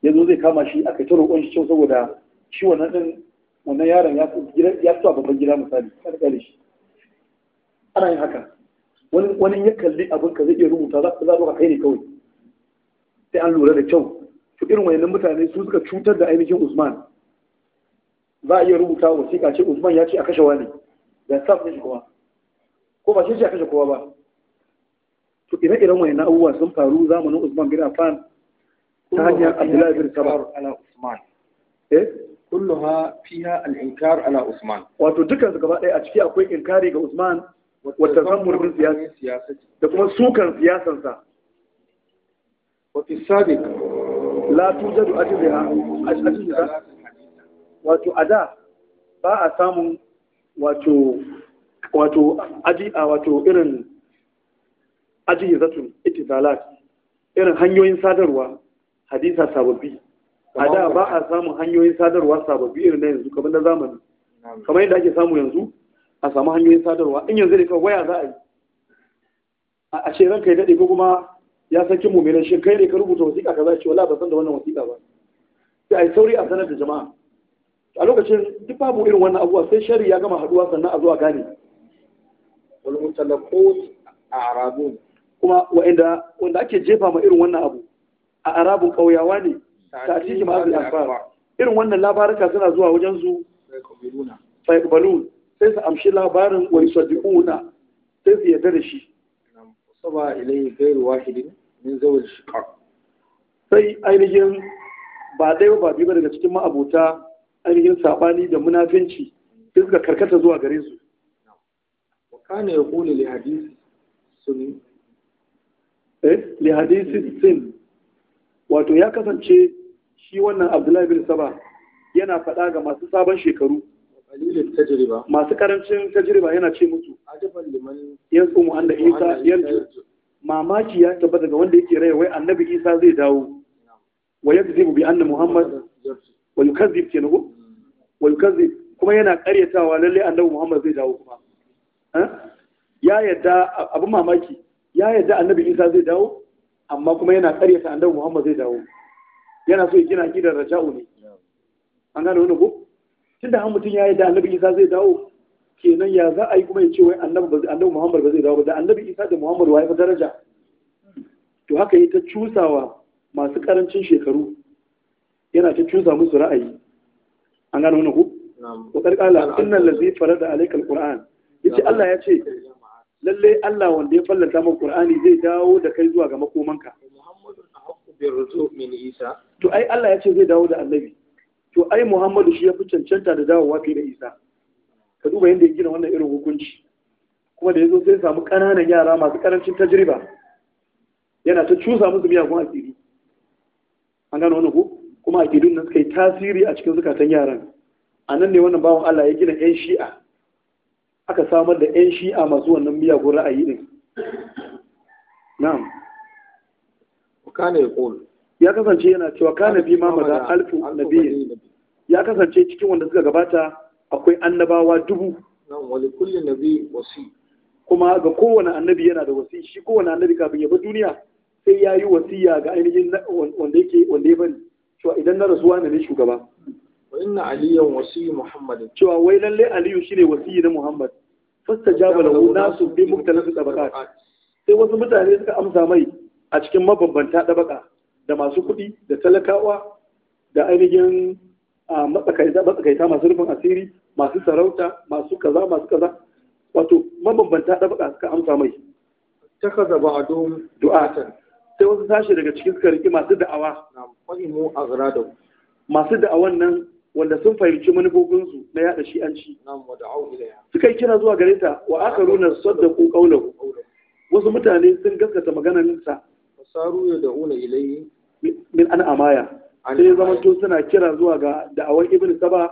ya zo zai kama shi aka ta roƙon shi kyau saboda shi wannan ɗin wannan yaron ya fito a babban gida misali kada kare shi ana yin haka wani ya kalli abin ka zai iya rubuta za ka zaɓa kai ne kawai sai an lura da kyau to irin wayannan mutane su suka cutar da ainihin Usman za a iya rubuta wasiƙa ce Usman ya ce a kashe wani da staff ne shi kuma ko ba shi ce a kashe kowa ba to ire-iren wani na'uwa sun faru zamanin Usman bin Affan ta hanyar Abdullahi bin Saba ala Usman eh kulluha fiha al-inkar ala Usman wato dukkan su gaba ɗaya a ciki akwai inkari ga Usman wata zamur bin siyasa da kuma sukan siyasansa wa fi sabiq la tujadu ajriha ajriha wato a da ba a samun wato wato aji a wato irin aji zatun itisalat irin hanyoyin sadarwa hadisa sababbi a da ba a samun hanyoyin sadarwa sababbi irin na yanzu kamar na zamani kamar yadda ake samu yanzu a samu hanyoyin sadarwa in yanzu ne kawai waya za a yi a ce ranka ya daɗe ko kuma ya saki mu mai shi kai ne ka rubuta wasiƙa ka za ce wala ba san da wannan wasiƙa ba sai a yi sauri a sanar da jama'a a lokacin duk babu irin wannan abuwa sai shari ya gama haduwa sannan a zuwa gane wal mutalaqut a'rabun kuma wanda ake jefa ma irin wannan abu a arabun kauyawa ne ta ma ma'azin akbar irin wannan labaraka suna zuwa wajen su fa sai su amshi labarin wani sadiuna sai su yarda da shi saba ilayhi ghairu wahidin min zawil shiqaq sai ainihin ba daya ba biyu daga cikin ma'abuta ainihin sabani da munafinci sai suka karkata zuwa gare su wa kana yaqulu li hadisi sun eh li sun wato ya kasance shi wannan Abdullahi bin Saba yana faɗa ga masu sabon shekaru masu karancin tajriba yana ce musu ya tsumu an da isa yanzu mamaki ya tabbata daga wanda yake rayuwa wai annabi isa zai dawo wa zai bi anna muhammad wa yukazzib kenan ko wa yukazzib kuma yana karyatawa lalle annabi Muhammad zai dawo kuma eh? ya yadda abin mamaki ya yadda annabi Isa zai dawo amma kuma yana karyata annabi Muhammad zai dawo yana so ya gina gidan raja'u ne an gane wani ko tunda an mutum ya da annabi Isa zai dawo kenan ya za a yi kuma ya ce wai annabi Muhammad ba zai dawo ba da annabi Isa da Muhammad wa ya fi daraja to haka yi ta cusawa masu ƙarancin shekaru yana ta cusa musu ra'ayi an gano wani ku wa karkala innal ladzi da alayka alquran yace Allah ya ce lalle Allah wanda ya fallanta min qur'ani zai dawo da kai zuwa ga makomanka to ai Allah ya ce zai dawo da annabi to ai Muhammadu shi ya fi cancanta da dawowa fiye da Isa ka duba yadda ya gina wannan irin hukunci kuma da ya zo sai samu ƙananan yara masu ƙarancin tajriba yana ta cusa musu miyagun asiri an gano wani ku kuma a aƙidun nan suka yi tasiri a cikin zukatan yaran a nan ne wannan bawan Allah ya gina 'yan shi'a aka samar da 'yan shi'a masu wannan miyagun ra'ayi din na'am ya ya kasance yana cewa kana bi ma maza alfu nabiyin ya kasance cikin wanda suka gabata akwai annabawa dubu kuma ga kowane annabi yana da wasi shi kowane annabi kafin ya bar duniya sai ya yi wasiya ga ainihin wanda yake wanda ya bari cewa idan na rasuwa ne shugaba wa inna aliyan wasiyyu Muhammad. cewa wai lalle aliyu shine wasiyyi na muhammad fastajaba na nasu bi muktalaf tabaqat sai wasu mutane suka amsa mai a cikin mabambanta tabaka da masu kuɗi da talakawa da ainihin matsakaita masu rufin asiri masu sarauta masu kaza masu kaza wato mabambanta tabaka suka amsa mai takaza ba'dum du'atan sai wasu sashi daga cikin suka riƙi masu da'awa masu da'awan nan wanda sun fahimci manufofinsu na yada shi'anci suka yi kira zuwa gare ta wa aka runa ko qaulahu wasu mutane sun gaskata maganarsa fasaru ya da'una ilayi min an amaya sai zama to suna kira zuwa ga da'awar ibn saba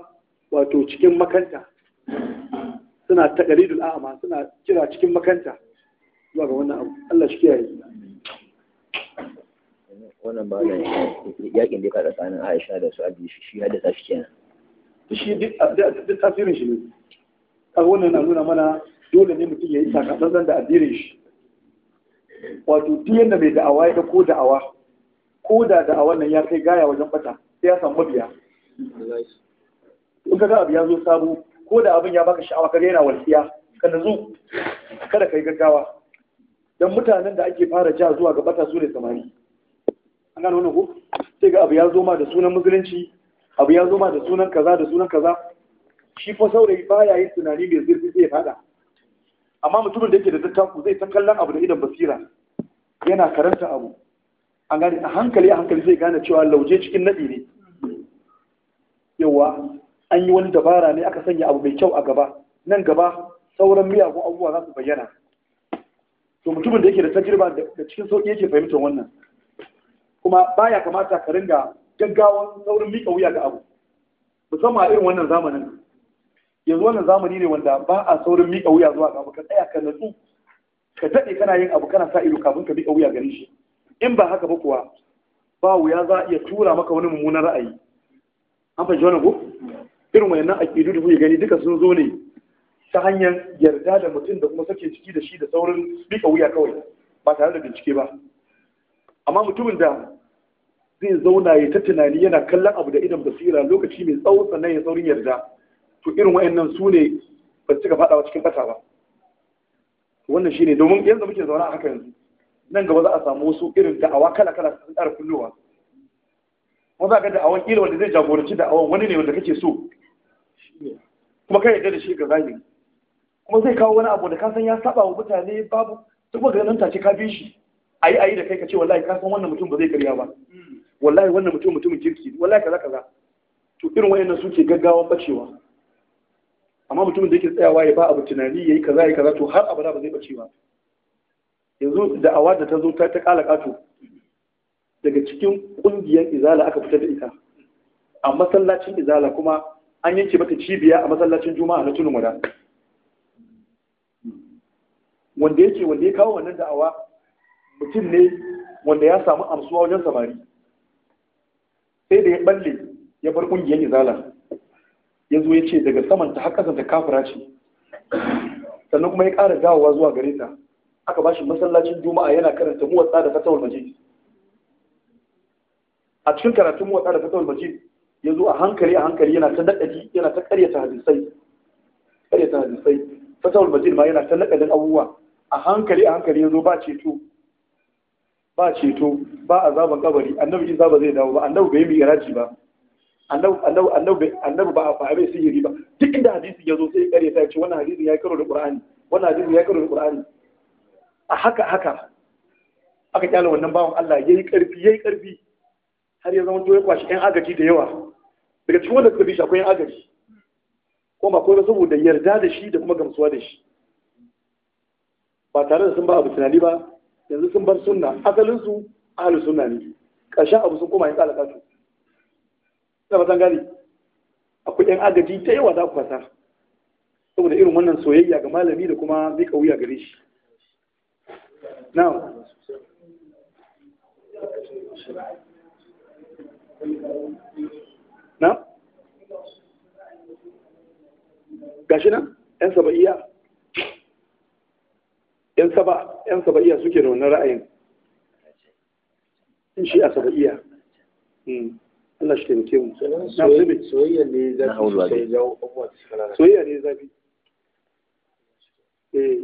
wato cikin makanta suna taqalidul a'ma suna kira cikin makanta zuwa ga wannan abu Allah shi kiyaye wannan ba da yakin da ya kada tsakanin aisha da su ajiye shi ya da tashi kenan to shi duk tasirin shi ne kaga wannan na nuna mana dole ne mutum ya yi takatsantsan da addinin shi wato duk yadda mai da'awa ya ko da'awa ko da da'awan nan ya kai gaya wajen bata sai ya samu mabiya in kaga abu ya zo sabo ko da abin ya baka sha'awa kaga yana walƙiya ka nazo kada kai gaggawa dan mutanen da ake fara ja zuwa ga bata su ne samari an gano wannan hukum sai ga abu ya zo ma da sunan musulunci abu ya zo ma da sunan kaza da sunan kaza shi fa saurayi baya yin tunani mai zurfi zai fada amma mutumin da yake da tattaku zai ta kallon abu da idan basira yana karanta abu an gane a hankali a hankali zai gane cewa lauje cikin nadi ne yawa an yi wani dabara ne aka sanya abu mai kyau a gaba nan gaba sauran miyagun abubuwa za su bayyana to mutumin da yake da tajirba da cikin sauƙi yake fahimtar wannan kuma ba ya kamata ka ringa gaggawan saurin miƙa wuya ga abu musamman a irin wannan zamanin yanzu wannan zamani ne wanda ba a saurin miƙa wuya zuwa ga abu ka tsaya ka natsu ka daɗe kana yin abu kana sa ido kafin ka miƙa wuya gani shi in ba haka ba kuwa ba wuya za a iya tura maka wani mummunan ra'ayi an fahimci wannan ko irin wayannan aƙidu da kuke gani duka sun zo ne ta hanyar yarda da mutum da kuma sake ciki da shi da saurin miƙa wuya kawai ba tare da bincike ba amma mutumin da zai zauna ya ta tunani yana kallon abu da idan basira lokaci mai tsawo sannan ya saurin yarda to irin wa'annan su ne ba su cika faɗawa cikin ƙasa ba wannan shine domin yanzu muke zaune a haka yanzu nan gaba za a samu wasu irin da'awa kala kala sun ƙara kullowa kuma za ka awon ƙila wanda zai jagoranci awon wani ne wanda kake so kuma kai yarda da shi ga zahiri kuma zai kawo wani abu da ka san ya saba wa mutane babu duk maganin tace ka bi shi ayi ayi da kai ka ce wallahi ka san wannan mutum ba zai karya ba wallahi wannan mutum mutumin jirki wallahi kaza kaza to irin wayannan suke gaggawa bacewa amma mutumin da yake tsayawa ya ba abu tunani yayi kaza yayi kaza to har abada ba zai bace ba yanzu da awa da ta zo ta ta kala kato daga cikin kungiyar izala aka fitar da ita a masallacin izala kuma an yanke mata cibiya a masallacin juma'a na tunin wada wanda yake wanda ya kawo wannan da'awa mutum ne wanda ya samu amsuwa wajen samari sai da ya balle ya bar ƙungiyar izala ya zo ya ce daga ta haka zanta kafura ce sannan kuma ya ƙara dawowa zuwa gare ta aka bashi masallacin juma'a yana karanta muwatsa da fatawar majid a cikin karatun muwatsa da fatawar majid ya zo a hankali a hankali yana ta naɗaɗi yana ta ƙaryata hadisai ƙaryata hadisai fatawar majid ma yana ta naɗaɗin abubuwa a hankali a hankali ya zo ba ceto ba ceto ba azaban kabari annabi isa ba zai dawo ba annabi bai mi'raji ba annabi ba a bai sihiri ba duk inda hadisi ya zo sai ya kare ta ce wannan hadisin ya karo da qur'ani wannan hadisin ya karo da qur'ani a haka haka aka kyale wannan bawan Allah yayi karfi yayi karfi har ya zama to ya kwashi yan agaji da yawa daga cikin wanda suka bi shi akwai yan agaji ko ba ko saboda yarda da shi da kuma gamsuwa da shi ba tare da sun ba abu tunani ba yanzu sun bar sunna asalin su ahli sunna ne ƙarshen abu sun koma ya tsara kasu ina ba gani akwai yan agaji ta yawa za ku fasa saboda irin wannan soyayya ga malami da kuma mika wuya gare shi na'am na gashi nan yan saba'iya yan saba saba'iya suke da wannan ra'ayin in shi a saba'iya hmm. Allah shi taimake mu soyayya ne zafi soyayya ne zafi eh.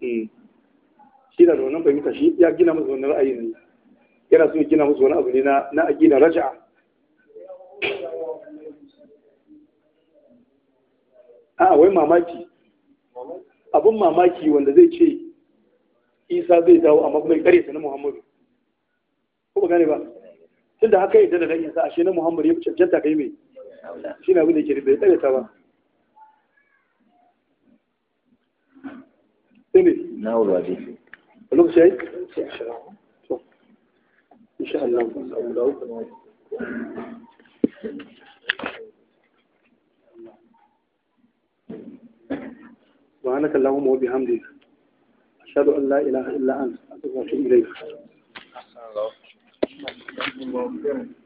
hmm. shi da wannan fahimta shi ya gina masa wannan ra'ayin ne yana so gina musu wani abu ne na aƙidar raja'a a wai mamaki abin mamaki wanda zai ce isa zai dawo a kuma kare kare na muhammadu ko ba gane ba tun da haka yadda da isa a shi na muhammadu ya fi cancanta kai mai shi na abin ke da ya tsare ta ba sai ne na wuri waje lokaci ya yi إن شاء الله سبحانك اللهم وبحمدك أشهد أن لا إله إلا أنت أتوب إليك